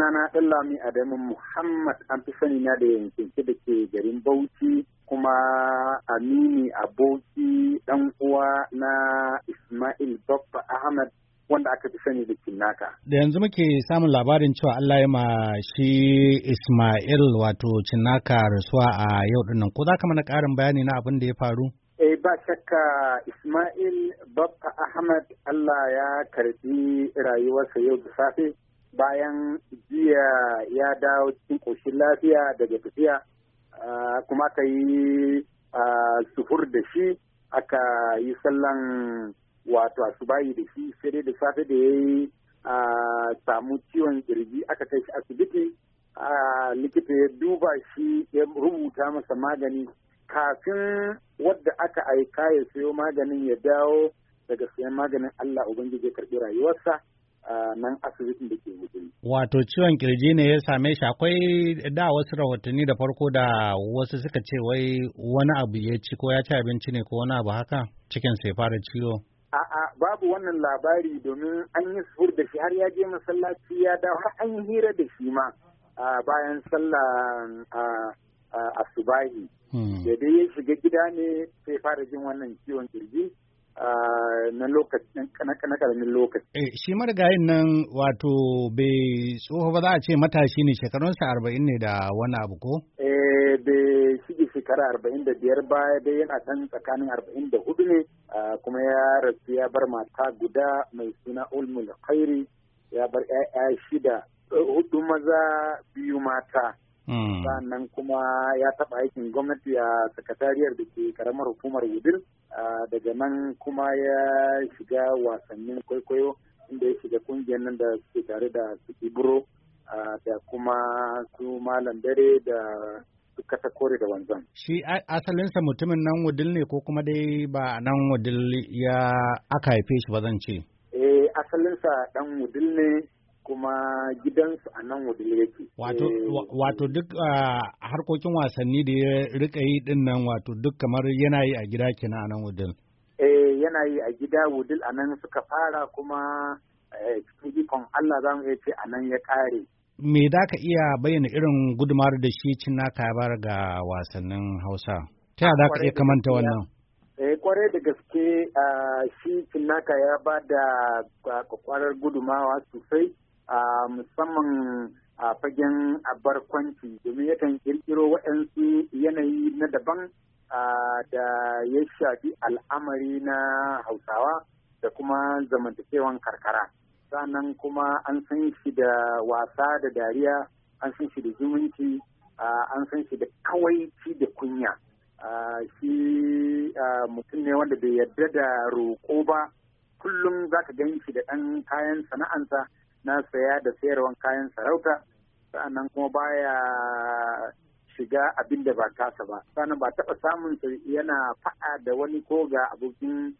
sunana Ɗanlami Adamu Muhammad an fi sani na da yankin da ke garin Bauchi kuma Amini Aboki ɗan uwa na Ismail Baffa Ahmad wanda aka fi sani da Kinnaka. Da yanzu muke samun labarin cewa Allah ya ma shi Ismail wato cinaka rasuwa a yau nan ko za ka mana ƙarin bayani na abin da ya faru? Eh ba shakka Ismail Babba Ahmad Allah ya karbi rayuwarsa yau da safe bayan jiya ya dawo cikin koshin lafiya daga tafiya kuma aka yi sufur da shi aka yi sallan wato asubayi da shi sai dai da safe da ya yi samu ciwon kirji aka kai shi asibiti likita ya duba shi ya rubuta masa magani kafin wadda aka aika ya sayo maganin ya dawo daga sayan maganin Allah Ubangiji ya karɓi rayuwarsa. nan asibitin da ke wuce. Wato ciwon kirji ne ya same shi akwai da wasu rahotanni da farko da wasu suka ce wai wani abu ya ci ko ya ci abinci ne ko wani abu haka cikin sai fara ciwo. A'a babu wannan labari domin an yi sufur da shi har ya je masallaci ya dawo har an yi hira da shi ma bayan sallah asubahi. Hmm. Da dai ya shiga gida ne sai fara jin wannan ciwon kirji. na karamin lokaci. Eh, shi marigayin nan wato bai tsoho ba za a ce matashi ne shekarunsa arba'in ne da wani abu ko? Eh, bai shige shekara arba'in da biyar ba dai yana can tsakanin arba'in da hudu ne kuma ya rasu ya bar mata guda mai suna ulmul khairi ya bar ya shida hudu maza biyu mata. Mm. sannan kuma ya taɓa aikin gwamnati a sakatariyar da ke karamar hukumar wudil daga nan kuma ya shiga wasannin kwaikwayo inda ya shiga kungiyar nan da suke tare da suke buro. da kuma su malam dare da suka ta kore da wanzan. Shi asalinsa mutumin nan wudil ne ko kuma dai ba nan wudil ya aka haife shi ba zan ce. Eh asalinsa dan wudil ne kuma gidansu a nan wadda yake. Wato eh, duk ah, harkokin wasanni da ya rika yi din nan wato duk kamar yana yi a gida kenan a nan wudil. Eh yana yi a gida wudil a nan suka fara kuma eh, cikin ikon Allah za mu iya ce a nan ya kare. Me da ka iya bayyana irin gudumar da shi cin naka ya bar ga wasannin Hausa? Ta yaya ka iya kamanta wannan? eh kwarai da gaske ah, shi naka ya ba da ah, kwakwarar gudumawa sosai musamman a fagen barkwanci domin yakan kirkiro waɗansu yanayi na daban da ya shafi al'amari na hausawa da kuma zamantakewan karkara sannan kuma an san shi da wasa da dariya an san shi da zumunci an san shi da kawaici da kunya shi mutum ne wanda bai yarda da roƙo ba kullum za ka gan shi da ɗan kayan sana'anta. na saya da sayarwan kayan sarauta sa'annan kuma baya shiga abin da ba kasa ba sa'annan ba taɓa samun yana faɗa da wani ko ga abokin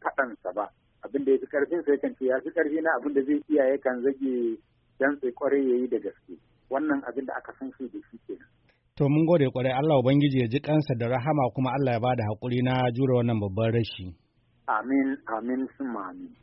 faɗansa ba abin da ya fi ƙarfin sai yakan ya fi ƙarfi na abin da zai iya yakan zage dan sai ya yi da gaske wannan abin da aka san shi da shi kenan to mun gode ƙwarai Allah ubangiji ya ji kansa da rahama kuma Allah ya bada hakuri na jure wannan babban rashi amin amin sun amin